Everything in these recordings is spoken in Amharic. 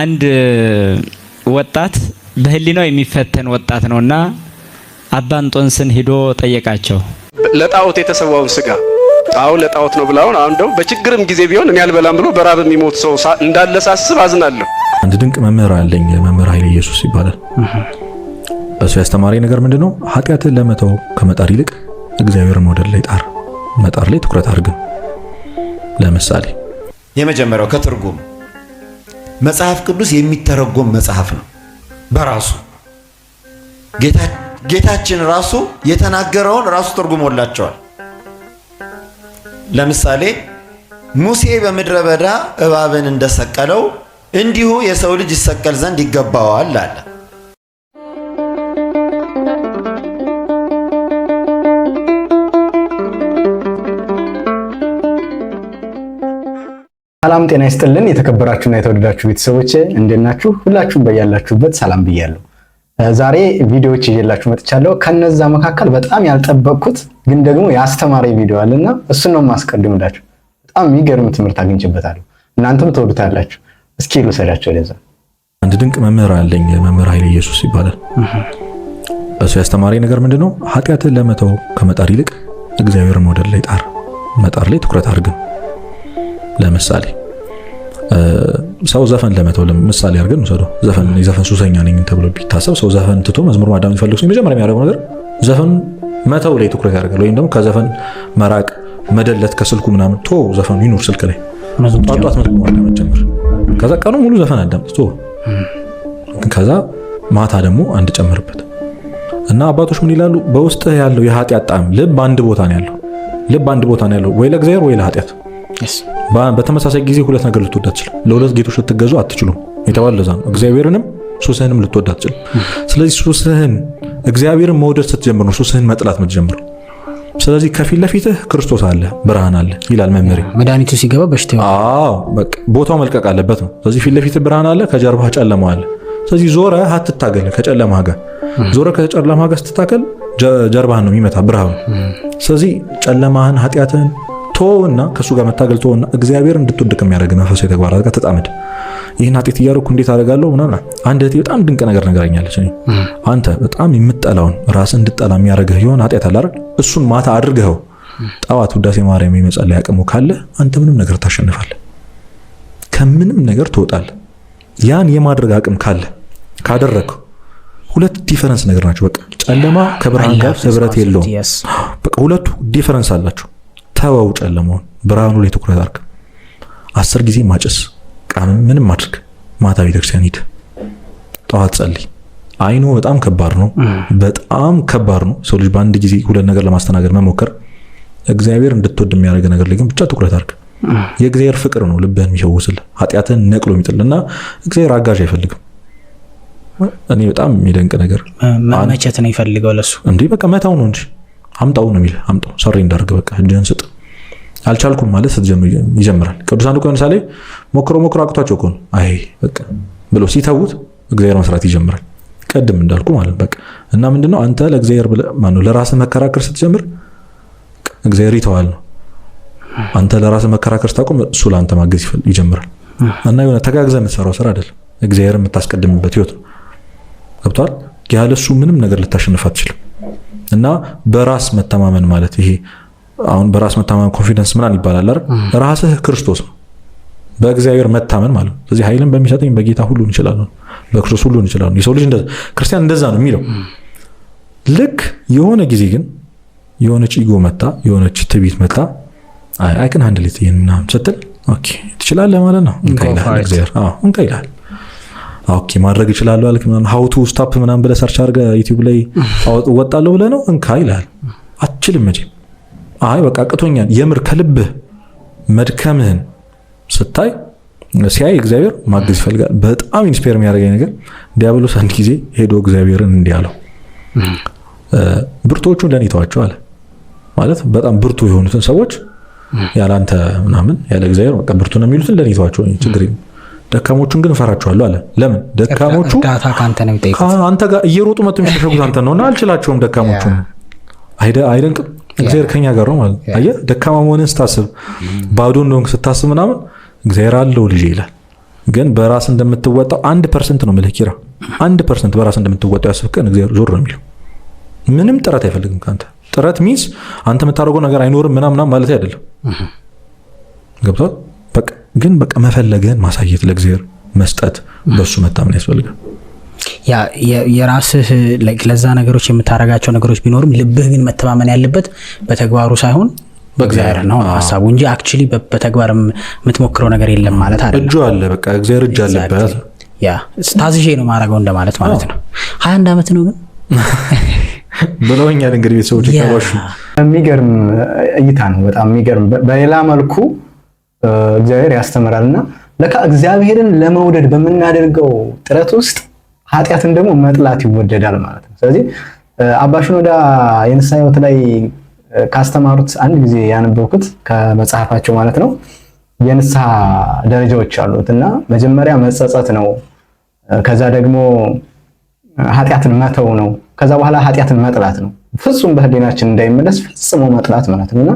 አንድ ወጣት በህሊናው የሚፈተን ወጣት ነውና አባንጦንስን ሂዶ ጠየቃቸው። ለጣዖት የተሰዋውን ስጋ አዎ ለጣዖት ነው ብላውን አሁን ደግሞ በችግርም ጊዜ ቢሆን እኔ አልበላም ብሎ በራብ የሚሞት ሰው እንዳለ ሳስብ አዝናለሁ። አንድ ድንቅ መምህር አለኝ። መምህር ኃይለ ኢየሱስ ይባላል። እሱ ያስተማረኝ ነገር ምንድን ነው? ኃጢአትን ለመተው ከመጣር ይልቅ እግዚአብሔርን መውደድ ላይ ጣር። መጣር ላይ ትኩረት አድርግም። ለምሳሌ የመጀመሪያው ከትርጉም መጽሐፍ ቅዱስ የሚተረጎም መጽሐፍ ነው በራሱ ጌታችን ራሱ የተናገረውን ራሱ ተርጉሞላቸዋል። ለምሳሌ ሙሴ በምድረ በዳ እባብን እንደሰቀለው እንዲሁ የሰው ልጅ ይሰቀል ዘንድ ይገባዋል አለ። ሰላም ጤና ይስጥልን። የተከበራችሁና የተወደዳችሁ ቤተሰቦች እንደናችሁ፣ ሁላችሁም በያላችሁበት ሰላም ብያለሁ። ዛሬ ቪዲዮዎች ይዤላችሁ መጥቻለሁ። ከነዛ መካከል በጣም ያልጠበቅኩት ግን ደግሞ የአስተማሪ ቪዲዮ አለና እሱን ነው የማስቀድምላችሁ። በጣም የሚገርም ትምህርት አግኝቼበታለሁ። እናንተም ተወዱታላችሁ። እስኪ ልውሰዳችሁ ወደዛ። አንድ ድንቅ መምህር አለኝ። መምህር ኃይለ ኢየሱስ ይባላል። እሱ ያስተማሪ ነገር ምንድነው? ኃጢአትን ለመተው ከመጣር ይልቅ እግዚአብሔር መውደድ ላይ ጣር። መጣር ላይ ትኩረት አድርግም ለምሳሌ ሰው ዘፈን ለመተው ምሳሌ አድርገን ውሰደው። ዘፈን የዘፈን ሱሰኛ ነኝ ተብሎ ቢታሰብ ሰው ዘፈን ትቶ መዝሙር ማዳመጥ ይፈልግ ሰው የመጀመሪያ የሚያደርገው ነገር ዘፈን መተው ላይ ትኩረት ያደርጋል። ወይም ደግሞ ከዘፈን መራቅ፣ መደለት ከስልኩ ምናምን ቶ ዘፈኑ ይኑር ስልክ ላይ ጧጧት መዝሙር ማዳመጥ ጀምር። ከዛ ቀኑ ሙሉ ዘፈን አዳምጥ ቶ ከዛ ማታ ደግሞ አንድ ጨምርበት እና አባቶች ምን ይላሉ? በውስጥህ ያለው የኃጢአት ጣዕም ልብ አንድ ቦታ ነው ያለው። ልብ አንድ ቦታ ነው ያለው ወይ ለእግዚአብሔር ወይ ለኃጢአት በተመሳሳይ ጊዜ ሁለት ነገር ልትወድ አትችልም። ለሁለት ጌቶች ልትገዙ አትችሉም የተባለ ለዛ ነው። እግዚአብሔርንም ሱስህንም ልትወድ አትችልም። ስለዚህ ሱስህን እግዚአብሔርን መውደድ ስትጀምር ነው ሱስህን መጥላት የምትጀምረው። ስለዚህ ከፊት ለፊትህ ክርስቶስ አለ፣ ብርሃን አለ ይላል መምህሬ። መድኃኒቱ ሲገባ በሽታ ቦታው መልቀቅ አለበት ነው። ስለዚህ ፊት ለፊትህ ብርሃን አለ፣ ከጀርባህ ጨለማ አለ። ስለዚህ ዞረ አትታገል ከጨለማ ጋር ዞረ ከጨለማ ጋር ስትታገል ጀርባህን ነው የሚመታ ብርሃኑ። ስለዚህ ጨለማህን ኃጢአትህን ቶና ከእሱ ጋር መታገል ቶና እግዚአብሔር እንድትወድቅ የሚያደርግ መንፈሳዊ ተግባራት ጋር ተጣመድ። ይህን ኃጢአት እያደረኩ እንዴት አደርጋለሁ ምናምን። አንድ እህቴ በጣም ድንቅ ነገር ነገረኛለች። አንተ በጣም የምጠላውን ራስን እንድጠላ የሚያደርግህ የሆነ ኃጢአት አለ አይደል? እሱን ማታ አድርገኸው ጠዋት ውዳሴ ማርያም የመጸለይ አቅሙ ካለ አንተ ምንም ነገር ታሸንፋለህ፣ ከምንም ነገር ትወጣለህ። ያን የማድረግ አቅም ካለ ካደረግከው ሁለት ዲፈረንስ ነገር ናቸው። በቃ ጨለማ ከብርሃን ጋር ህብረት የለውም። በቃ ሁለቱ ዲፈረንስ አላቸው። ተወው ጨለመውን ብርሃኑ ላይ ትኩረት አድርግ። አስር ጊዜ ማጨስ ቃም ምንም አድርግ። ማታ ቤተክርስቲያን ሂድ፣ ጠዋት ጸልይ። አይኖ በጣም ከባድ ነው፣ በጣም ከባድ ነው። ሰው ልጅ በአንድ ጊዜ ሁለት ነገር ለማስተናገድ መሞከር እግዚአብሔር እንድትወድ የሚያደርግ ነገር ላይ ግን ብቻ ትኩረት አድርግ። የእግዚአብሔር ፍቅር ነው ልብህን የሚሸውስል ኃጢአትን ነቅሎ የሚጥል እና እግዚአብሔር አጋዥ አይፈልግም። እኔ በጣም የሚደንቅ ነገር መመቸት ነው ይፈልገው ለሱ እንዲህ በቃ መታው ነው እንጂ አምጣው ነው የሚል አምጣው ሰሪ እንዳርግ በቃ እጅህን ስጥ አልቻልኩም ማለት ይጀምራል። ቅዱሳን እኮ ለምሳሌ ሞክሮ ሞክሮ አቅቷቸው እኮ አይ በቃ ብሎ ሲተዉት እግዚአብሔር መስራት ይጀምራል። ቀድም እንዳልኩ ማለት በቃ እና ምንድነው አንተ ለእግዚአብሔር ማነው ለራስህ መከራከር ስትጀምር እግዚአብሔር ይተዋል ነው። አንተ ለራስህ መከራከር ስታቆም እሱ ለአንተ ማገዝ ይጀምራል። እና የሆነ ተጋግዘ የምትሰራው ስራ አይደለም፣ እግዚአብሔር የምታስቀድምበት ህይወት ነው። ገብቷል። ያለሱ ምንም ነገር ልታሸንፍ አትችልም። እና በራስ መተማመን ማለት ይሄ አሁን በራስ መታመን ኮንፊደንስ ምናምን ይባላል አይደል? ራስህ ክርስቶስ ነው፣ በእግዚአብሔር መታመን ማለት ነው። ስለዚህ ኃይልን በሚሰጠኝ በጌታ ሁሉን እችላለሁ፣ በክርስቶስ ሁሉን እችላለሁ። የሰው ልጅ ክርስቲያን እንደዛ ነው የሚለው። ልክ የሆነ ጊዜ ግን የሆነች ኢጎ መጣ፣ የሆነች ትቢት መታ። አይክን አንድ ሌት ይህና ስትል ትችላለህ ማለት ነው። እንካ ይልሃል። ኦኬ ማድረግ እችላለሁ አልክ ምናምን ቱ ስታፕ ምናምን ብለህ ሰርች አድርገህ ዩቲዩብ ላይ እወጣለሁ ብለህ ነው እንካ ይልሃል። አችልም መቼም አይ በቃ ቅቶኛል፣ የምር ከልብህ መድከምህን ስታይ ሲያይ እግዚአብሔር ማገዝ ይፈልጋል። በጣም ኢንስፓየር የሚያደርገኝ ነገር ዲያብሎስ አንድ ጊዜ ሄዶ እግዚአብሔርን እንዲህ አለው፣ ብርቶቹን ለእኔ ተዋቸው አለ። ማለት በጣም ብርቱ የሆኑትን ሰዎች ያለ አንተ ምናምን ያለ እግዚአብሔር በቃ ብርቱ ነው የሚሉትን ለእኔ ተዋቸው፣ ችግር ደካሞቹን ግን እፈራቸዋለሁ አለ። ለምን ደካሞቹ አንተ ጋር እየሮጡ መጥቶ የሚሸሸጉት አንተ እና አልችላቸውም ደካሞቹ አይደንቅም እግዚአብሔር ከኛ ጋር ነው ማለት አየ ደካማ መሆንን ስታስብ mm. ባዶ እንደሆንክ ስታስብ ምናምን እግዚአብሔር አለው ልጅ ይላል። ግን በራስ እንደምትወጣው አንድ ፐርሰንት ነው ምልህ ኪራ፣ አንድ ፐርሰንት በራስ እንደምትወጣው ያስብከን እግዚአብሔር ዞር ነው የሚለው። ምንም ጥረት አይፈልግም ከአንተ ጥረት ሚንስ አንተ የምታደርገው ነገር አይኖርም ምናምናም ማለት አይደለም። mm-hmm. ገብቷል። ግን በቃ መፈለግህን ማሳየት ለእግዚአብሔር መስጠት፣ በሱ መታመን ያስፈልጋል። የራስህ ለዛ ነገሮች የምታደርጋቸው ነገሮች ቢኖርም ልብህ ግን መተማመን ያለበት በተግባሩ ሳይሆን በእግዚአብሔር ነው ሀሳቡ እንጂ አክቹዋሊ በተግባር የምትሞክረው ነገር የለም ማለት አለ። እጁ አለ፣ በቃ እግዚአብሔር እጅ አለበት። ያ ታዝዤ ነው ማድረገው እንደማለት ማለት ነው። ሀያ አንድ ዓመት ነው ግን ብለውኛል። እንግዲህ ቤተሰቦች ይከባሹ። የሚገርም እይታ ነው በጣም የሚገርም። በሌላ መልኩ እግዚአብሔር ያስተምራልና ለካ እግዚአብሔርን ለመውደድ በምናደርገው ጥረት ውስጥ ኃጢአትን ደግሞ መጥላት ይወደዳል ማለት ነው። ስለዚህ አባ ሽኖዳ የንስሐ ሕይወት ላይ ካስተማሩት አንድ ጊዜ ያነበብኩት ከመጽሐፋቸው ማለት ነው የንስሐ ደረጃዎች አሉት እና መጀመሪያ መጸጸት ነው። ከዛ ደግሞ ኃጢአትን መተው ነው። ከዛ በኋላ ኃጢአትን መጥላት ነው። ፍጹም በህሊናችን እንዳይመለስ ፈጽሞ መጥላት ማለት ነው እና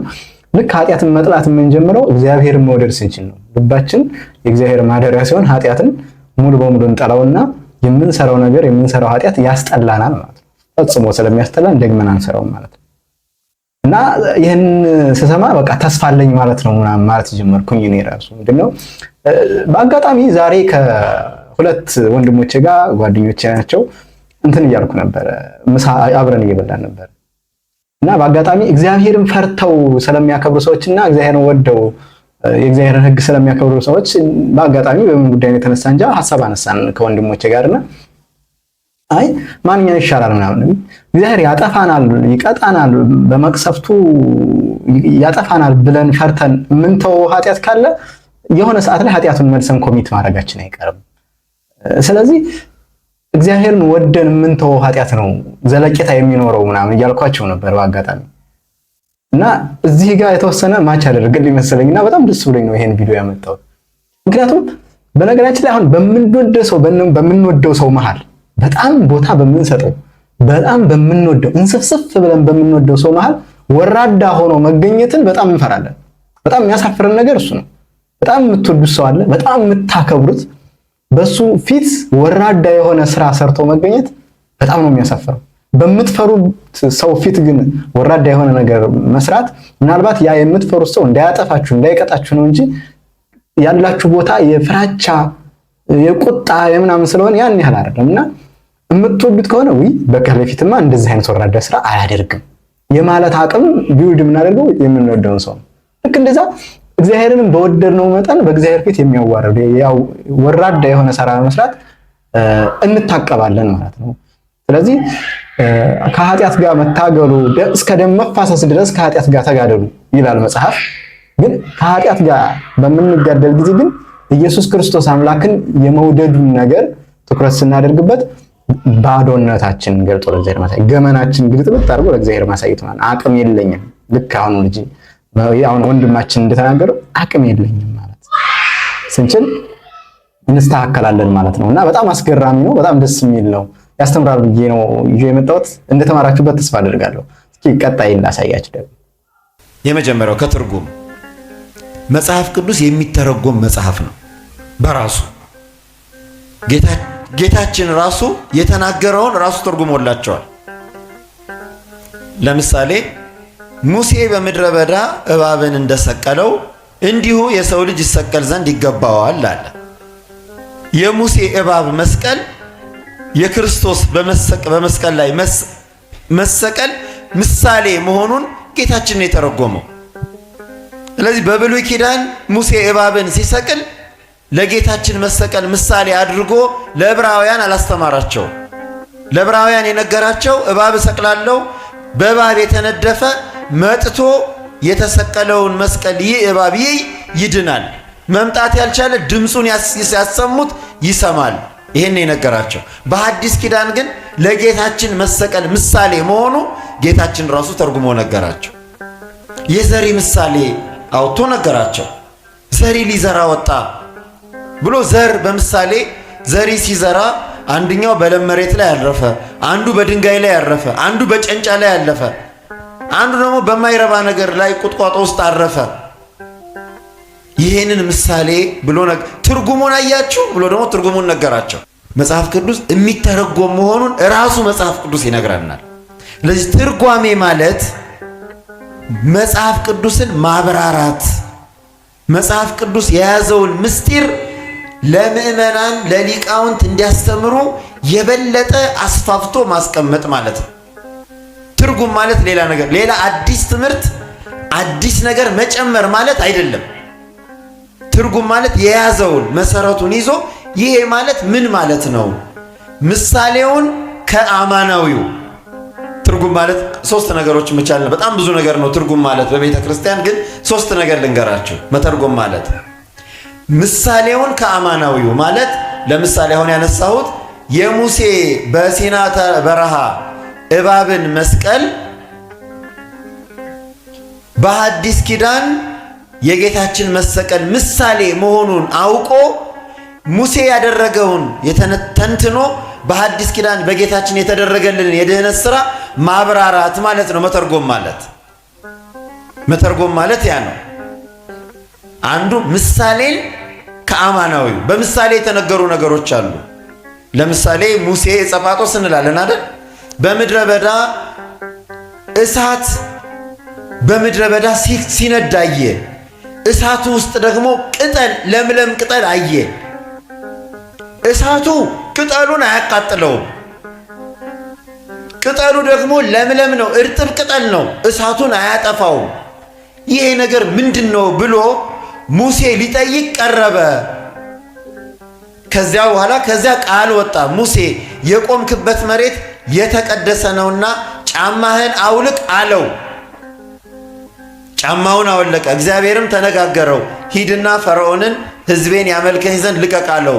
ልክ ኃጢአትን መጥላት የምንጀምረው እግዚአብሔርን መውደድ ስንችል ነው። ልባችን የእግዚአብሔር ማደሪያ ሲሆን ኃጢአትን ሙሉ በሙሉ እንጠላውና የምንሰራው ነገር የምንሰራው ኃጢአት ያስጠላናል ማለት ነው። ፈጽሞ ስለሚያስጠላን ደግመን አንሰራውም ማለት ነው። እና ይህን ስሰማ በቃ ተስፋ አለኝ ማለት ነው ምናምን ማለት ጀመርኩኝ። እኔ ራሱ ምንድነው በአጋጣሚ ዛሬ ከሁለት ወንድሞቼ ጋር ጓደኞቼ ናቸው እንትን እያልኩ ነበረ፣ ምሳ አብረን እየበላን ነበር እና በአጋጣሚ እግዚአብሔርን ፈርተው ስለሚያከብሩ ሰዎችና እግዚአብሔርን ወደው የእግዚአብሔርን ሕግ ስለሚያከብሩ ሰዎች በአጋጣሚ በምን ጉዳይ ነው የተነሳ እንጂ ሀሳብ አነሳን ከወንድሞቼ ጋርና አይ ማንኛው ይሻላል ምናምን እግዚአብሔር ያጠፋናል ይቀጣናል በመቅሰፍቱ ያጠፋናል ብለን ፈርተን ምንተው ኃጢአት ካለ የሆነ ሰዓት ላይ ኃጢአቱን መልሰን ኮሚት ማድረጋችን አይቀርም። ስለዚህ እግዚአብሔርን ወደን ምንተው ኃጢአት ነው ዘለቄታ የሚኖረው ምናምን እያልኳቸው ነበር በአጋጣሚ እና እዚህ ጋር የተወሰነ ማች አደረገልኝ መሰለኝ እና በጣም ደስ ብሎኝ ነው ይሄን ቪዲዮ ያመጣው። ምክንያቱም በነገራችን ላይ አሁን በምንወደው ሰው በምንወደው ሰው መሃል በጣም ቦታ በምንሰጠው በጣም በምንወደው እንስፍስፍ ብለን በምንወደው ሰው መሃል ወራዳ ሆኖ መገኘትን በጣም እንፈራለን። በጣም የሚያሳፍረን ነገር እሱ ነው። በጣም የምትወዱት ሰው አለ፣ በጣም የምታከብሩት፣ በሱ ፊት ወራዳ የሆነ ስራ ሰርቶ መገኘት በጣም ነው የሚያሳፍረው። በምትፈሩት ሰው ፊት ግን ወራዳ የሆነ ነገር መስራት ምናልባት ያ የምትፈሩት ሰው እንዳያጠፋችሁ እንዳይቀጣችሁ ነው እንጂ ያላችሁ ቦታ የፍራቻ የቁጣ የምናምን ስለሆነ ያን ያህል አይደለም እና የምትወዱት ከሆነ ይ በቀር በፊትማ እንደዚህ አይነት ወራዳ ስራ አላደርግም የማለት አቅም ቢውድ የምናደርገው የምንወደውን ሰው ነው። ልክ እንደዛ እግዚአብሔርንም በወደድነው መጠን በእግዚአብሔር ፊት የሚያዋረድ ወራዳ የሆነ ስራ መስራት እንታቀባለን ማለት ነው። ስለዚህ ከኃጢአት ጋር መታገሉ እስከ ደም መፋሰስ ድረስ ከኃጢአት ጋር ተጋደሉ ይላል መጽሐፍ። ግን ከኃጢአት ጋር በምንጋደል ጊዜ ግን ኢየሱስ ክርስቶስ አምላክን የመውደዱን ነገር ትኩረት ስናደርግበት ባዶነታችንን ገልጦ ለእግዚአብሔር ማሳየት፣ ገመናችን ግልጥብጥ አድርጎ ለእግዚአብሔር ማሳየት ማለት አቅም የለኝም። ልክ አሁኑ ልጅ አሁን ወንድማችን እንደተናገረው አቅም የለኝም ማለት ስንችል እንስተካከላለን ማለት ነው እና በጣም አስገራሚ ነው። በጣም ደስ የሚል ነው። ያስተምራል ብዬ ነው ይዤ የመጣሁት። እንደተማራችሁበት ተስፋ አደርጋለሁ። እስኪ ቀጣይ እናሳያችሁ ደግሞ የመጀመሪያው ከትርጉም መጽሐፍ ቅዱስ የሚተረጎም መጽሐፍ ነው በራሱ ጌታችን ራሱ የተናገረውን ራሱ ተርጉሞላቸዋል። ለምሳሌ ሙሴ በምድረ በዳ እባብን እንደሰቀለው እንዲሁ የሰው ልጅ ይሰቀል ዘንድ ይገባዋል አለ። የሙሴ እባብ መስቀል የክርስቶስ በመስቀል ላይ መሰቀል ምሳሌ መሆኑን ጌታችን የተረጎመው። ስለዚህ በብሉይ ኪዳን ሙሴ እባብን ሲሰቅል ለጌታችን መሰቀል ምሳሌ አድርጎ ለዕብራውያን አላስተማራቸው። ለዕብራውያን የነገራቸው እባብ እሰቅላለሁ፣ በእባብ የተነደፈ መጥቶ የተሰቀለውን መስቀል ይህ እባብ ይይ ይድናል። መምጣት ያልቻለ ድምፁን ያሰሙት ይሰማል። ይህን የነገራቸው በአዲስ ኪዳን ግን ለጌታችን መሰቀል ምሳሌ መሆኑ ጌታችን ራሱ ተርጉሞ ነገራቸው። የዘሪ ምሳሌ አውጥቶ ነገራቸው። ዘሪ ሊዘራ ወጣ ብሎ ዘር በምሳሌ ዘሪ ሲዘራ አንድኛው በለም መሬት ላይ ያረፈ፣ አንዱ በድንጋይ ላይ ያረፈ፣ አንዱ በጨንጫ ላይ ያለፈ፣ አንዱ ደግሞ በማይረባ ነገር ላይ ቁጥቋጦ ውስጥ አረፈ። ይህንን ምሳሌ ብሎ ትርጉሙን አያችሁ ብሎ ደግሞ ትርጉሙን ነገራቸው። መጽሐፍ ቅዱስ የሚተረጎም መሆኑን ራሱ መጽሐፍ ቅዱስ ይነግረናል። ስለዚህ ትርጓሜ ማለት መጽሐፍ ቅዱስን ማብራራት፣ መጽሐፍ ቅዱስ የያዘውን ምስጢር ለምእመናን ለሊቃውንት እንዲያስተምሩ የበለጠ አስፋፍቶ ማስቀመጥ ማለት ነው። ትርጉም ማለት ሌላ ነገር ሌላ አዲስ ትምህርት አዲስ ነገር መጨመር ማለት አይደለም። ትርጉም ማለት የያዘውን መሰረቱን ይዞ ይሄ ማለት ምን ማለት ነው? ምሳሌውን ከአማናዊው ትርጉም ማለት ሶስት ነገሮች መቻል ነው። በጣም ብዙ ነገር ነው ትርጉም ማለት በቤተ ክርስቲያን ግን ሶስት ነገር ልንገራችሁ። መተርጎም ማለት ምሳሌውን ከአማናዊው ማለት ለምሳሌ አሁን ያነሳሁት የሙሴ በሲና በረሃ እባብን መስቀል በሐዲስ ኪዳን የጌታችን መሰቀል ምሳሌ መሆኑን አውቆ ሙሴ ያደረገውን ተንትኖ በሐዲስ ኪዳን በጌታችን የተደረገልን የድህነት ስራ ማብራራት ማለት ነው። መተርጎም ማለት መተርጎም ማለት ያ ነው። አንዱ ምሳሌን ከአማናዊው በምሳሌ የተነገሩ ነገሮች አሉ። ለምሳሌ ሙሴ ጸፋጦስ እንላለን አይደል? በምድረ በዳ እሳት በምድረ በዳ ሲነዳየ እሳቱ ውስጥ ደግሞ ቅጠል ለምለም ቅጠል አየ። እሳቱ ቅጠሉን አያቃጥለውም። ቅጠሉ ደግሞ ለምለም ነው፣ እርጥብ ቅጠል ነው። እሳቱን አያጠፋውም። ይሄ ነገር ምንድን ነው ብሎ ሙሴ ሊጠይቅ ቀረበ። ከዚያ በኋላ ከዚያ ቃል ወጣ። ሙሴ የቆምክበት መሬት የተቀደሰ ነውና ጫማህን አውልቅ አለው። ጫማውን አወለቀ። እግዚአብሔርም ተነጋገረው፣ ሂድና ፈርዖንን ሕዝቤን ያመልከኝ ዘንድ ልቀቃለው።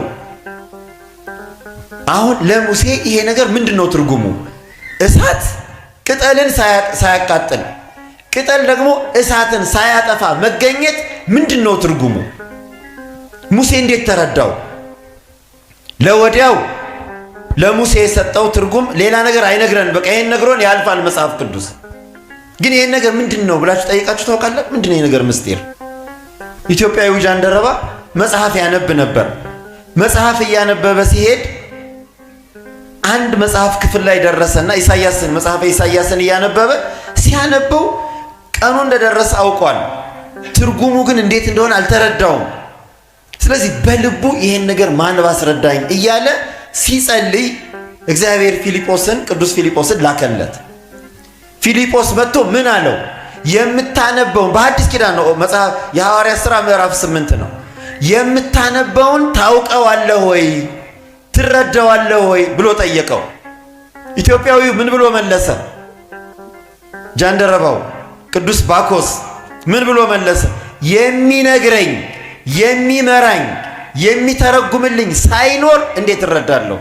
አሁን ለሙሴ ይሄ ነገር ምንድን ነው ትርጉሙ? እሳት ቅጠልን ሳያቃጥል ቅጠል ደግሞ እሳትን ሳያጠፋ መገኘት ምንድን ነው ትርጉሙ? ሙሴ እንዴት ተረዳው? ለወዲያው ለሙሴ የሰጠው ትርጉም ሌላ ነገር አይነግረን። በቃ ይህን ነግሮን ያልፋል መጽሐፍ ቅዱስ። ግን ይሄን ነገር ምንድን ነው ብላችሁ ጠይቃችሁ ታውቃለ? ምንድን ነው ነገር ምስጢር? ኢትዮጵያዊ ጃንደረባ መጽሐፍ ያነብ ነበር። መጽሐፍ እያነበበ ሲሄድ አንድ መጽሐፍ ክፍል ላይ ደረሰና ኢሳያስን መጽሐፈ ኢሳያስን እያነበበ ሲያነበው ቀኑ እንደደረሰ አውቋል። ትርጉሙ ግን እንዴት እንደሆነ አልተረዳውም። ስለዚህ በልቡ ይሄን ነገር ማን ባስረዳኝ እያለ ሲጸልይ እግዚአብሔር ፊልጶስን ቅዱስ ፊልጶስን ላከለት። ፊልጶስ መጥቶ ምን አለው? የምታነበውን በአዲስ ኪዳን ነው መጽሐፍ የሐዋርያት ሥራ ምዕራፍ ስምንት ነው። የምታነበውን ታውቀዋለህ ወይ ትረዳዋለህ ወይ ብሎ ጠየቀው። ኢትዮጵያዊው ምን ብሎ መለሰ? ጃንደረባው ቅዱስ ባኮስ ምን ብሎ መለሰ? የሚነግረኝ የሚመራኝ የሚተረጉምልኝ ሳይኖር እንዴት እረዳለሁ?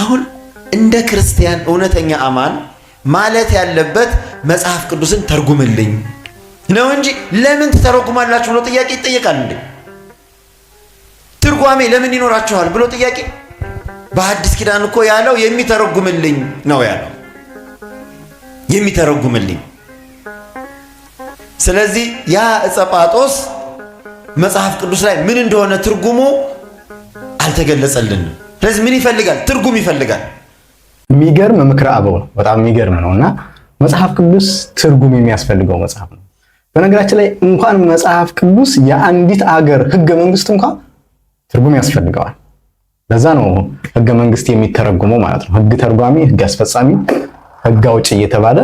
አሁን እንደ ክርስቲያን እውነተኛ አማን ማለት ያለበት መጽሐፍ ቅዱስን ተርጉምልኝ ነው እንጂ ለምን ትተረጉማላችሁ ብሎ ጥያቄ ይጠየቃል እንዴ? ትርጓሜ ለምን ይኖራችኋል ብሎ ጥያቄ። በአዲስ ኪዳን እኮ ያለው የሚተረጉምልኝ ነው ያለው የሚተረጉምልኝ። ስለዚህ ያ ዕፀ ጳጦስ መጽሐፍ ቅዱስ ላይ ምን እንደሆነ ትርጉሙ አልተገለጸልንም። ስለዚህ ምን ይፈልጋል? ትርጉም ይፈልጋል። የሚገርም ምክረ አበው ነው። በጣም የሚገርም ነው እና መጽሐፍ ቅዱስ ትርጉም የሚያስፈልገው መጽሐፍ ነው። በነገራችን ላይ እንኳን መጽሐፍ ቅዱስ የአንዲት አገር ህገ መንግስት እንኳን ትርጉም ያስፈልገዋል። ለዛ ነው ህገ መንግስት የሚተረጉመው ማለት ነው። ህግ ተርጓሚ፣ ህግ አስፈጻሚ፣ ህግ አውጭ እየተባለ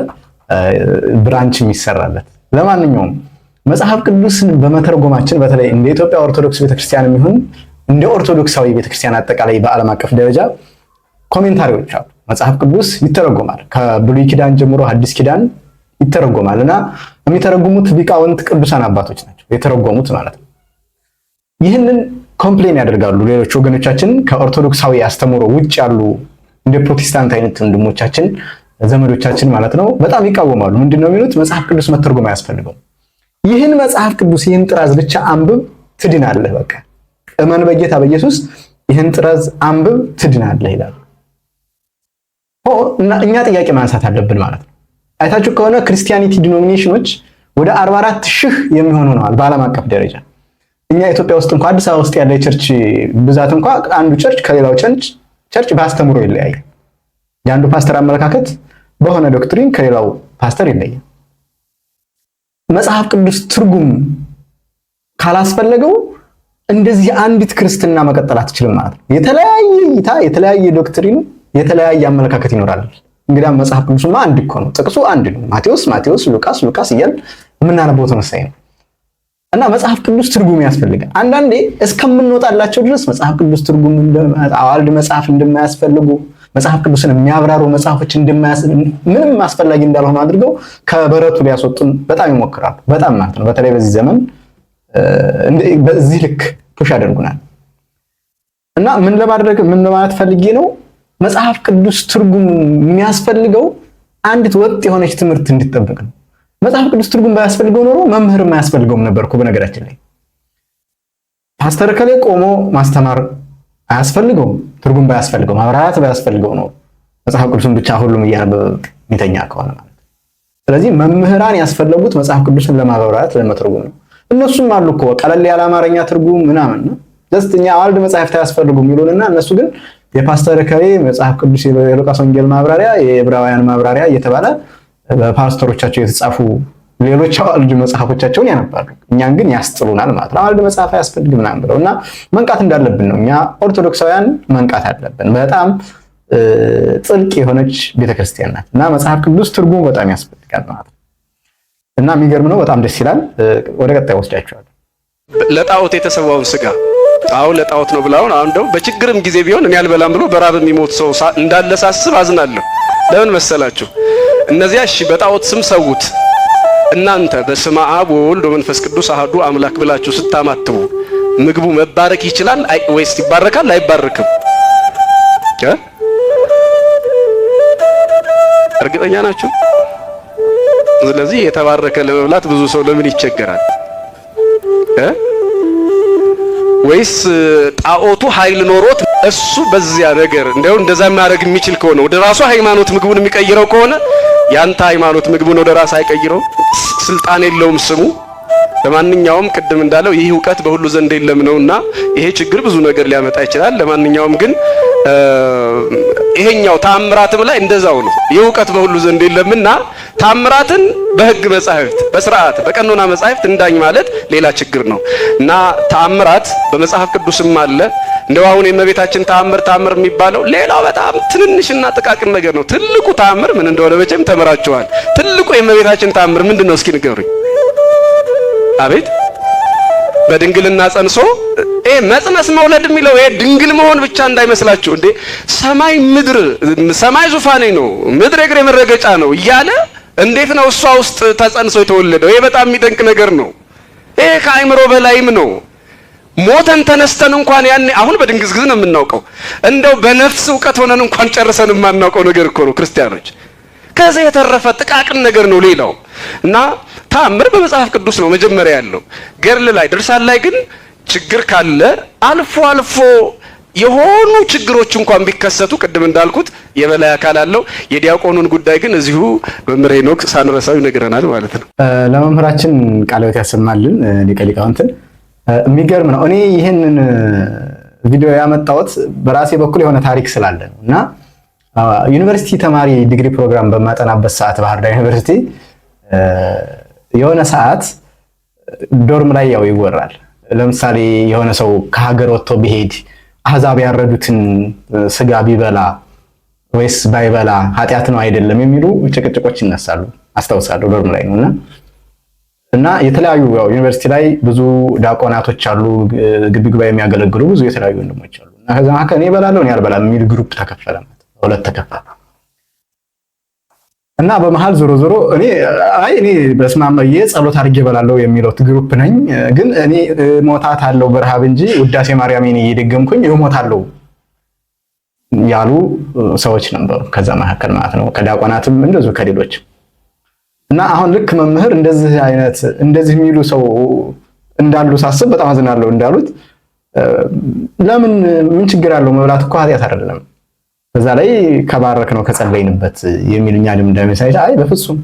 ብራንች የሚሰራለት። ለማንኛውም መጽሐፍ ቅዱስን በመተርጎማችን በተለይ እንደ ኢትዮጵያ ኦርቶዶክስ ቤተክርስቲያን የሚሆን እንደ ኦርቶዶክሳዊ ቤተክርስቲያን አጠቃላይ በዓለም አቀፍ ደረጃ ኮሜንታሪዎች አሉ። መጽሐፍ ቅዱስ ይተረጎማል። ከብሉይ ኪዳን ጀምሮ አዲስ ኪዳን ይተረጎማል እና የሚተረጉሙት ሊቃውንት ቅዱሳን አባቶች ናቸው የተረጎሙት ማለት ነው። ይህንን ኮምፕሌን ያደርጋሉ ሌሎች ወገኖቻችን ከኦርቶዶክሳዊ አስተምህሮ ውጭ ያሉ እንደ ፕሮቴስታንት አይነት ወንድሞቻችን ዘመዶቻችን ማለት ነው በጣም ይቃወማሉ። ምንድነው የሚሉት? መጽሐፍ ቅዱስ መተርጎም አያስፈልገው ይህን መጽሐፍ ቅዱስ ይህን ጥራዝ ብቻ አንብብ ትድናለህ፣ በቃ እመን በጌታ በኢየሱስ ይህን ጥራዝ አንብብ ትድናለህ ይላሉ። እኛ ጥያቄ ማንሳት አለብን ማለት ነው። አይታችሁ ከሆነ ክርስቲያኒቲ ዲኖሚኔሽኖች ወደ 44 ሺህ የሚሆኑ ነዋል በዓለም አቀፍ ደረጃ። እኛ ኢትዮጵያ ውስጥ እንኳ አዲስ አበባ ውስጥ ያለ ቸርች ብዛት እንኳ አንዱ ቸርች ከሌላው ቸርች በአስተምሮ ይለያል። የአንዱ ፓስተር አመለካከት በሆነ ዶክትሪን ከሌላው ፓስተር ይለያል። መጽሐፍ ቅዱስ ትርጉም ካላስፈለገው እንደዚህ አንዲት ክርስትና መቀጠል አትችልም ማለት ነው። የተለያየ እይታ የተለያየ ዶክትሪን የተለያየ አመለካከት ይኖራል። እንግዲ መጽሐፍ ቅዱስማ አንድ እኮ ነው፣ ጥቅሱ አንድ ነው። ማቴዎስ ማቴዎስ፣ ሉቃስ ሉቃስ እያል የምናነበው ተመሳሳይ ነው እና መጽሐፍ ቅዱስ ትርጉም ያስፈልጋል። አንዳንዴ እስከምንወጣላቸው ድረስ መጽሐፍ ቅዱስ ትርጉም አዋልድ መጽሐፍ እንደማያስፈልጉ መጽሐፍ ቅዱስን የሚያብራሩ መጽሐፎች ምንም አስፈላጊ እንዳልሆኑ አድርገው ከበረቱ ሊያስወጡን በጣም ይሞክራሉ። በጣም ማለት ነው። በተለይ በዚህ ዘመን በዚህ ልክ ፑሽ ያደርጉናል እና ምን ለማድረግ ምን ለማለት ፈልጌ ነው መጽሐፍ ቅዱስ ትርጉም የሚያስፈልገው አንዲት ወጥ የሆነች ትምህርት እንዲጠበቅ ነው። መጽሐፍ ቅዱስ ትርጉም ባያስፈልገው ኖሮ መምህርም አያስፈልገውም ነበር እኮ በነገራችን ላይ ፓስተር ከሌ ቆሞ ማስተማር አያስፈልገውም። ትርጉም ባያስፈልገው ማብራራት ባያስፈልገው ኖሮ መጽሐፍ ቅዱስን ብቻ ሁሉም እያነበበ የሚተኛ ከሆነ ማለት። ስለዚህ መምህራን ያስፈለጉት መጽሐፍ ቅዱስን ለማብራራት ለመትርጉም ነው። እነሱም አሉ እኮ ቀለል ያለ አማርኛ ትርጉም ምናምን ነው። ደስተኛ እኛ አዋልድ መጽሐፍት አያስፈልጉም ይሉንና እነሱ ግን የፓስተር እከሌ መጽሐፍ ቅዱስ የሉቃስ ወንጌል ማብራሪያ፣ የዕብራውያን ማብራሪያ እየተባለ በፓስተሮቻቸው የተጻፉ ሌሎች አዋልድ መጽሐፎቻቸውን ያነባሉ። እኛን ግን ያስጥሉናል ማለት ነው። አዋልድ መጽሐፍ አያስፈልግ ምናምን ብለው እና መንቃት እንዳለብን ነው። እኛ ኦርቶዶክሳውያን መንቃት አለብን። በጣም ጥልቅ የሆነች ቤተክርስቲያን ናት እና መጽሐፍ ቅዱስ ትርጉሙ በጣም ያስፈልጋል ማለት ነው። እና የሚገርም ነው። በጣም ደስ ይላል። ወደ ቀጣይ ወስዳቸዋል። ለጣዖት የተሰዋውን ስጋ አሁን ለጣዖት ነው ብላ አሁን ደግሞ በችግርም ጊዜ ቢሆን እኔ አልበላም ብሎ በራብ የሚሞት ሰው እንዳለ ሳስብ አዝናለሁ። ለምን መሰላችሁ? እነዚያ እሺ በጣዖት ስም ሰውት እናንተ በስመ አብ ወወልድ ወመንፈስ ቅዱስ አህዱ አምላክ ብላችሁ ስታማትቡ ምግቡ መባረክ ይችላል ወይስ ይባረካል? አይባረክም። እርግጠኛ ናችሁ? ስለዚህ የተባረከ ለመብላት ብዙ ሰው ለምን ይቸገራል? ወይስ ጣዖቱ ኃይል ኖሮት እሱ በዚያ ነገር እንደው እንደዛ ማረግ የሚችል ከሆነ ወደ ራሱ ሃይማኖት ምግቡን የሚቀይረው ከሆነ ያንተ ሃይማኖት ምግቡን ወደ ራስ አይቀይረው፣ ስልጣን የለውም ስሙ። ለማንኛውም ቅድም እንዳለው ይህ እውቀት በሁሉ ዘንድ የለም ነውና ይሄ ችግር ብዙ ነገር ሊያመጣ ይችላል። ለማንኛውም ግን ይሄኛው ታምራትም ላይ እንደዛው ነው። የእውቀት በሁሉ ዘንድ የለምና ታምራትን በህግ መጻሕፍት፣ በስርዓት በቀኖና መጻሕፍት እንዳኝ ማለት ሌላ ችግር ነው እና ታምራት በመጽሐፍ ቅዱስም አለ። እንደው አሁን የእመቤታችን ታምር ታምር የሚባለው ሌላው በጣም ትንንሽና ጥቃቅን ነገር ነው። ትልቁ ታምር ምን እንደሆነ መቼም ተምራችኋል። ትልቁ የእመቤታችን ታምር ምንድን ነው? እስኪ ንገሩኝ። አቤት በድንግልና ጸንሶ ይሄ መጽነስ መውለድ የሚለው ይሄ ድንግል መሆን ብቻ እንዳይመስላችሁ። እንዴ ሰማይ ምድር ሰማይ ዙፋኔ ነው፣ ምድር እግሬ መረገጫ ነው እያለ እንዴት ነው እሷ ውስጥ ተጸንሶ የተወለደው? ይሄ በጣም የሚደንቅ ነገር ነው። ይሄ ከአእምሮ በላይም ነው። ሞተን ተነስተን እንኳን ያኔ አሁን በድንግዝግዝ ነው የምናውቀው። እንደው በነፍስ እውቀት ሆነን እንኳን ጨርሰን የማናውቀው ነገር እኮ ነው ክርስቲያኖች። ከዚህ የተረፈ ጥቃቅን ነገር ነው ሌላው እና ታምር በመጽሐፍ ቅዱስ ነው መጀመሪያ ያለው ገርል ላይ ድርሳን ላይ ግን ችግር ካለ አልፎ አልፎ የሆኑ ችግሮች እንኳን ቢከሰቱ ቅድም እንዳልኩት የበላይ አካል አለው። የዲያቆኑን ጉዳይ ግን እዚሁ መምህር ሄኖክ ሳንረሳው ይነግረናል ማለት ነው። ለመምህራችን ቃልበት ያሰማልን ሊቀ ሊቃውንትን። የሚገርም ነው። እኔ ይህንን ቪዲዮ ያመጣሁት በራሴ በኩል የሆነ ታሪክ ስላለ ነው እና ዩኒቨርሲቲ ተማሪ ዲግሪ ፕሮግራም በማጠናበት ሰዓት ባህር ዳር ዩኒቨርሲቲ የሆነ ሰዓት ዶርም ላይ ያው ይወራል ለምሳሌ የሆነ ሰው ከሀገር ወጥቶ ቢሄድ አህዛብ ያረዱትን ስጋ ቢበላ ወይስ ባይበላ ኃጢአት ነው አይደለም የሚሉ ጭቅጭቆች ይነሳሉ። አስታውሳለሁ ዶርም ላይ ነው እና እና የተለያዩ ዩኒቨርሲቲ ላይ ብዙ ዲያቆናቶች አሉ፣ ግቢ ጉባኤ የሚያገለግሉ ብዙ የተለያዩ ወንድሞች አሉ። እና ከዛ መካከል እኔ እበላለሁ እኔ አልበላም የሚል ግሩፕ ተከፈለ፣ ሁለት ተከፈለ። እና በመሀል ዞሮ ዞሮ እኔ አይ እኔ በስማመዬ ጸሎት አድርጌ እበላለሁ የሚለው ግሩፕ ነኝ። ግን እኔ ሞታት አለው በረሃብ እንጂ ውዳሴ ማርያም እኔ እየደገምኩኝ እሞታለሁ ያሉ ሰዎች ነበሩ፣ ከዛ መካከል ማለት ነው። ከዲያቆናትም እንደዚሁ ከሌሎች እና አሁን ልክ መምህር እንደዚህ አይነት እንደዚህ የሚሉ ሰው እንዳሉ ሳስብ በጣም አዝናለሁ። እንዳሉት ለምን ምን ችግር አለው? መብላት እኮ ኃጢአት አይደለም። በዛ ላይ ከባረክ ነው ከጸለይንበት የሚልኛ እኛ ድምዳሜ ሳይ አይ በፍጹም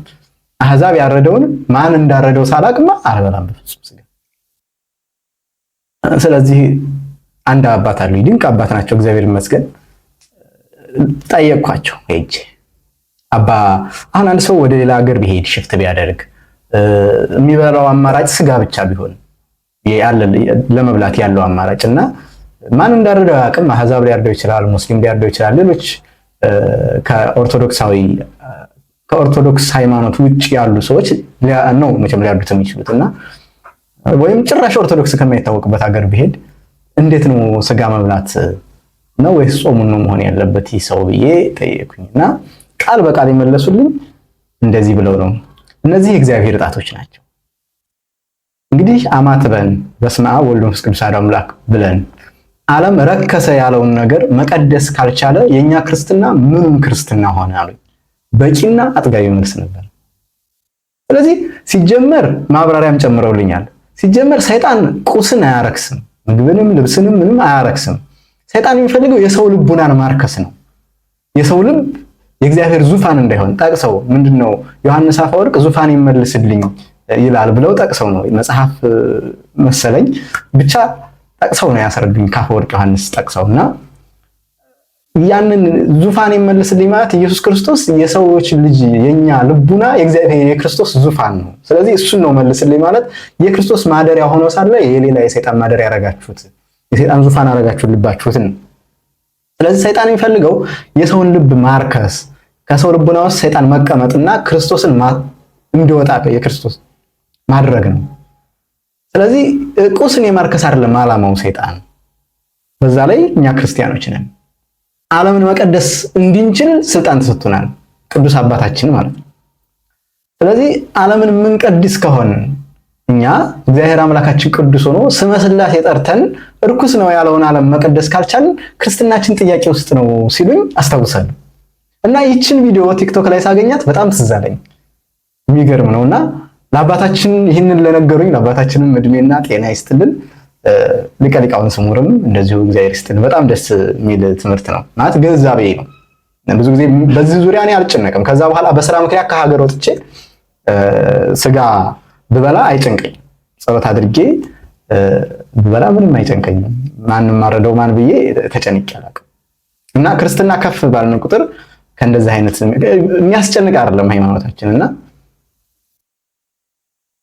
አህዛብ ያረደውን ማን እንዳረደው ሳላቅማ አልበላም በፍጹም ስጋ። ስለዚህ አንድ አባት አሉ፣ ድንቅ አባት ናቸው፣ እግዚአብሔር ይመስገን። ጠየቅኳቸው ሄጄ አባ አሁን አንድ ሰው ወደ ሌላ ሀገር ቢሄድ ሽፍት ቢያደርግ የሚበላው አማራጭ ስጋ ብቻ ቢሆን ለመብላት ያለው አማራጭ እና ማን እንዳረደው አያውቅም። አህዛብ ሊያርደው ይችላል፣ ሙስሊም ሊያርደው ይችላል፣ ሌሎች ከኦርቶዶክሳዊ ከኦርቶዶክስ ሃይማኖት ውጭ ያሉ ሰዎች ነው መቼም ሊያርዱት የሚችሉት እና ወይም ጭራሽ ኦርቶዶክስ ከማይታወቅበት ሀገር ቢሄድ እንዴት ነው ስጋ መብላት ነው ወይስ ጾሙን ነው መሆን ያለበት ይህ ሰው ብዬ ጠየኩኝ እና ቃል በቃል የመለሱልኝ እንደዚህ ብለው ነው እነዚህ የእግዚአብሔር ጣቶች ናቸው። እንግዲህ አማትበን በስመ አብ ወወልድ ወመንፈስ ቅዱስ አሐዱ አምላክ ብለን ዓለም ረከሰ ያለውን ነገር መቀደስ ካልቻለ የእኛ ክርስትና ምኑም ክርስትና ሆነ አሉኝ። በቂና አጥጋቢ መልስ ነበር። ስለዚህ ሲጀመር ማብራሪያም ጨምረውልኛል። ሲጀመር ሰይጣን ቁስን አያረክስም፣ ምግብንም ልብስንም ምንም አያረክስም። ሰይጣን የሚፈልገው የሰው ልቡናን ማርከስ ነው። የሰው ልብ የእግዚአብሔር ዙፋን እንዳይሆን ጠቅሰው ምንድን ነው ዮሐንስ አፈወርቅ ዙፋን ይመልስልኝ ይላል ብለው ጠቅሰው ነው መጽሐፍ መሰለኝ ብቻ ጠቅሰው ነው ያስረዱኝ ከአፈወርቅ ዮሐንስ ጠቅሰው እና ያንን ዙፋን የመልስልኝ ማለት ኢየሱስ ክርስቶስ የሰዎች ልጅ የኛ ልቡና የእግዚአብሔር የክርስቶስ ዙፋን ነው። ስለዚህ እሱን ነው መልስልኝ ማለት የክርስቶስ ማደሪያ ሆኖ ሳለ የሌላ የሰይጣን ማደሪያ ያረጋችሁት የሰይጣን ዙፋን ያረጋችሁት ልባችሁትን። ስለዚህ ሰይጣን የሚፈልገው የሰውን ልብ ማርከስ ከሰው ልቡና ውስጥ ሰይጣን መቀመጥና ክርስቶስን እንዲወጣ የክርስቶስ ማድረግ ነው። ስለዚህ ቁስን የማርከስ አይደለም ዓላማው ሰይጣን። በዛ ላይ እኛ ክርስቲያኖች ነን፣ ዓለምን መቀደስ እንድንችል ስልጣን ተሰጥቶናል፣ ቅዱስ አባታችን ማለት ነው። ስለዚህ ዓለምን የምንቀድስ ከሆን እኛ እግዚአብሔር አምላካችን ቅዱስ ሆኖ ስመ ሥላሴ ጠርተን እርኩስ ነው ያለውን ዓለም መቀደስ ካልቻልን ክርስትናችን ጥያቄ ውስጥ ነው ሲሉኝ አስታውሳለሁ። እና ይችን ቪዲዮ ቲክቶክ ላይ ሳገኛት በጣም ትዝ አለኝ። የሚገርም ነውና ለአባታችን ይህንን ለነገሩኝ ለአባታችንም እድሜና ጤና ይስጥልን። ሊቀ ሊቃውን ስሙርም እንደዚሁ እግዚአብሔር ይስጥልን። በጣም ደስ የሚል ትምህርት ነው ማለት ግንዛቤ ነው። ብዙ ጊዜ በዚህ ዙሪያ እኔ አልጨነቅም። ከዛ በኋላ በስራ ምክንያት ከሀገር ወጥቼ ስጋ ብበላ አይጨንቀኝም? ጸሎት አድርጌ ብበላ ምንም አይጨንቀኝም። ማን ማረደው ማን ብዬ ተጨንቄ አላውቅም። እና ክርስትና ከፍ ባልን ቁጥር ከእንደዚህ አይነት የሚያስጨንቅ አይደለም ሃይማኖታችን እና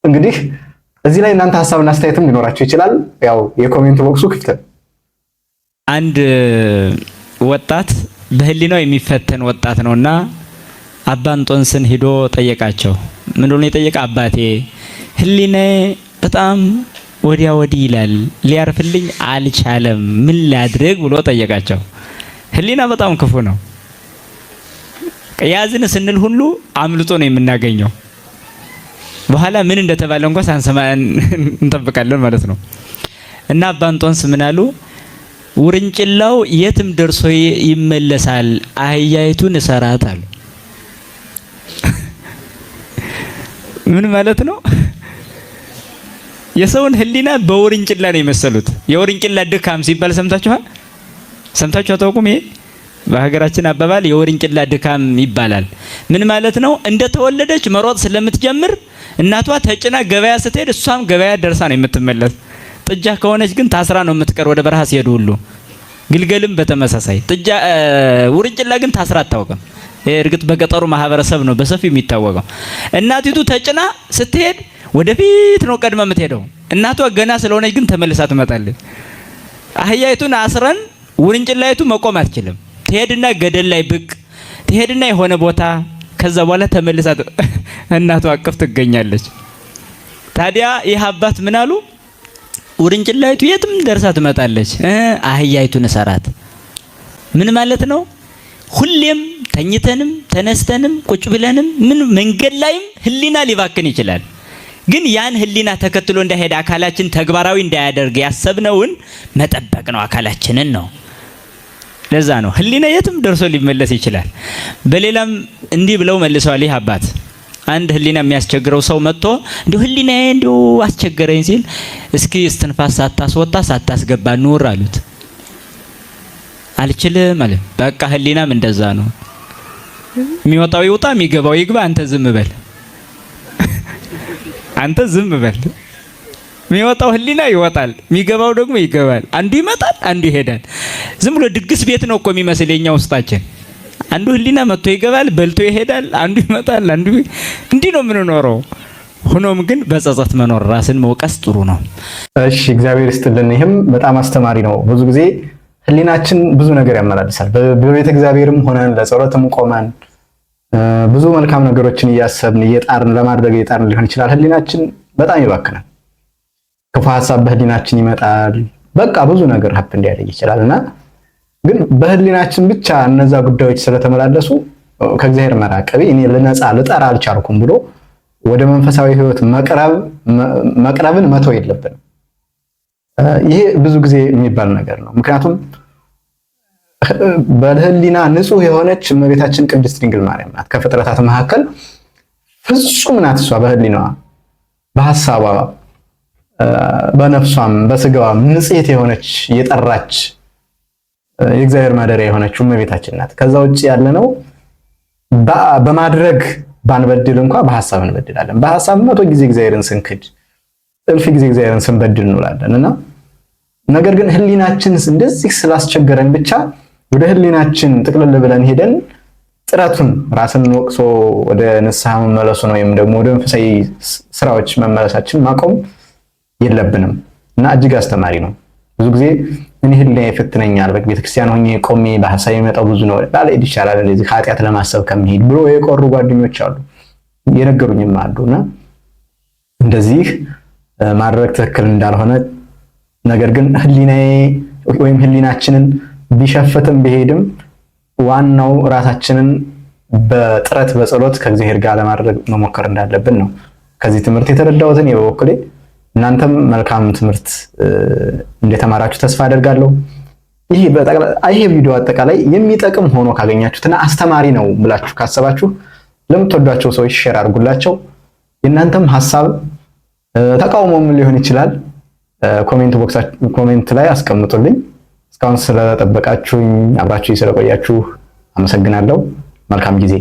እንግዲህ እዚህ ላይ እናንተ ሀሳብና አስተያየትም ሊኖራችሁ ይችላል። ያው የኮሜንት ቦክሱ ክፍት ነው። አንድ ወጣት በህሊናው የሚፈተን ወጣት ነውና አባንጦንስን ሂዶ ጠየቃቸው። ምን እንደሆነ የጠየቀ አባቴ ህሊናዬ በጣም ወዲያ ወዲህ ይላል፣ ሊያርፍልኝ አልቻለም፣ ምን ላድርግ ብሎ ጠየቃቸው። ህሊና በጣም ክፉ ነው። ያዝን ስንል ሁሉ አምልጦ ነው የምናገኘው። በኋላ ምን እንደተባለ እንኳ ሳንሰማ እንጠብቃለን ማለት ነው። እና አባ እንጦንስ ምን አሉ? ውርንጭላው የትም ደርሶ ይመለሳል፣ አህያይቱን እሰራት አሉ። ምን ማለት ነው? የሰውን ህሊና በውርንጭላ ነው የመሰሉት። የውርንጭላ ድካም ሲባል ሰምታችኋል? ሰምታችሁ አታውቁም? ይሄ በሀገራችን አባባል የውርንጭላ ድካም ይባላል። ምን ማለት ነው? እንደተወለደች መሮጥ ስለምትጀምር እናቷ ተጭና ገበያ ስትሄድ እሷም ገበያ ደርሳ ነው የምትመለስ። ጥጃ ከሆነች ግን ታስራ ነው የምትቀር ወደ በረሃ ሲሄዱ ሁሉ። ግልገልም በተመሳሳይ ጥጃ፣ ውርንጭላ ግን ታስራ አታውቅም። እርግጥ በገጠሩ ማህበረሰብ ነው በሰፊው የሚታወቀው። እናቲቱ ተጭና ስትሄድ ወደፊት ነው ቀድማ የምትሄደው። እናቷ ገና ስለሆነች ግን ተመልሳ ትመጣለች። አህያይቱን አስረን ውርንጭላይቱ መቆም አትችልም። ትሄድና ገደል ላይ ብቅ ትሄድና የሆነ ቦታ ከዛ በኋላ ተመልሳ እናቷ አቅፍ ትገኛለች። ታዲያ ይህ አባት ምን አሉ? ውርንጭላይቱ የትም ደርሳ ትመጣለች፣ አህያይቱን እሰራት። ምን ማለት ነው? ሁሌም ተኝተንም ተነስተንም ቁጭ ብለንም ምን መንገድ ላይም ህሊና ሊባክን ይችላል። ግን ያን ህሊና ተከትሎ እንዳይሄድ አካላችን ተግባራዊ እንዳያደርግ ያሰብነውን መጠበቅ ነው። አካላችንን ነው ለዛ ነው ህሊና የትም ደርሶ ሊመለስ ይችላል። በሌላም እንዲህ ብለው መልሰዋል። ይህ አባት አንድ ህሊና የሚያስቸግረው ሰው መጥቶ እንዲሁ ህሊናዬ እንዲሁ አስቸገረኝ ሲል እስኪ እስትንፋስ ሳታስወጣ ሳታስገባ ኑር አሉት። አልችልም አለ። በቃ ህሊናም እንደዛ ነው። የሚወጣው ይውጣ፣ የሚገባው ይግባ፣ አንተ ዝም በል፣ አንተ ዝም በል። የሚወጣው ህሊና ይወጣል፣ የሚገባው ደግሞ ይገባል። አንዱ ይመጣል፣ አንዱ ይሄዳል። ዝም ብሎ ድግስ ቤት ነው እኮ የሚመስል የኛ ውስጣችን። አንዱ ህሊና መጥቶ ይገባል፣ በልቶ ይሄዳል። አንዱ ይመጣል፣ አንዱ እንዲህ ነው የምንኖረው። ሆኖም ግን በጸጸት መኖር ራስን መውቀስ ጥሩ ነው። እሺ፣ እግዚአብሔር ይስጥልን። ይህም በጣም አስተማሪ ነው። ብዙ ጊዜ ህሊናችን ብዙ ነገር ያመላልሳል። በቤተ እግዚአብሔርም ሆነን ለጸሎትም ቆመን ብዙ መልካም ነገሮችን እያሰብን እየጣርን ለማድረግ እየጣርን ሊሆን ይችላል። ህሊናችን በጣም ይባክናል። ክፉ ሀሳብ በህሊናችን ይመጣል። በቃ ብዙ ነገር ሀፕን እንዲያደግ ይችላል እና ግን በህሊናችን ብቻ እነዛ ጉዳዮች ስለተመላለሱ ከእግዚአብሔር መራቀቤ እኔ ልነጻ ልጠራ አልቻልኩም ብሎ ወደ መንፈሳዊ ህይወት መቅረብን መተው የለብንም። ይሄ ብዙ ጊዜ የሚባል ነገር ነው። ምክንያቱም በህሊና ንጹህ የሆነች እመቤታችን ቅድስት ድንግል ማርያም ናት። ከፍጥረታት መካከል ፍጹም ናት እሷ በህሊናዋ በሀሳቧ በነፍሷም በስጋዋም ንጽሕት የሆነች የጠራች የእግዚአብሔር ማደሪያ የሆነች እመቤታችን ናት። ከዛ ውጭ ያለ ነው በማድረግ ባንበድል እንኳ በሀሳብ እንበድላለን። በሀሳብ መቶ ጊዜ እግዚአብሔርን ስንክድ፣ እልፍ ጊዜ እግዚአብሔርን ስንበድል እንውላለን እና ነገር ግን ህሊናችን እንደዚህ ስላስቸገረን ብቻ ወደ ህሊናችን ጥቅልል ብለን ሄደን ጥረቱን ራስን ወቅሶ ወደ ንስሐ መመለሱን ወይም ደግሞ ወደ መንፈሳዊ ስራዎች መመለሳችን ማቆም የለብንም እና እጅግ አስተማሪ ነው። ብዙ ጊዜ እኔ ህሊና ይፈትነኛል። በቃ ቤተክርስቲያን ሆኜ ቆሜ በሀሳብ የሚመጣው ብዙ ነው። ላልሄድ ይሻላል እንደዚህ ኃጢአት ለማሰብ ከመሄድ ብሎ የቆሩ ጓደኞች አሉ፣ የነገሩኝም አሉ እና እንደዚህ ማድረግ ትክክል እንዳልሆነ ነገር ግን ህሊናዬ ወይም ህሊናችንን ቢሸፍትም ቢሄድም ዋናው ራሳችንን በጥረት በጸሎት ከእግዚአብሔር ጋር ለማድረግ መሞከር እንዳለብን ነው ከዚህ ትምህርት የተረዳሁትን የበበኩሌ። እናንተም መልካም ትምህርት እንደተማራችሁ ተስፋ አደርጋለሁ። ይሄ ቪዲዮ አጠቃላይ የሚጠቅም ሆኖ ካገኛችሁትና አስተማሪ ነው ብላችሁ ካሰባችሁ ለምትወዷቸው ሰዎች ሼር አድርጉላቸው። የእናንተም ሀሳብ ተቃውሞም ሊሆን ይችላል ኮሜንት ቦክስ ኮሜንት ላይ አስቀምጡልኝ። እስካሁን ስለጠበቃችሁኝ አብራችሁ ስለቆያችሁ አመሰግናለሁ። መልካም ጊዜ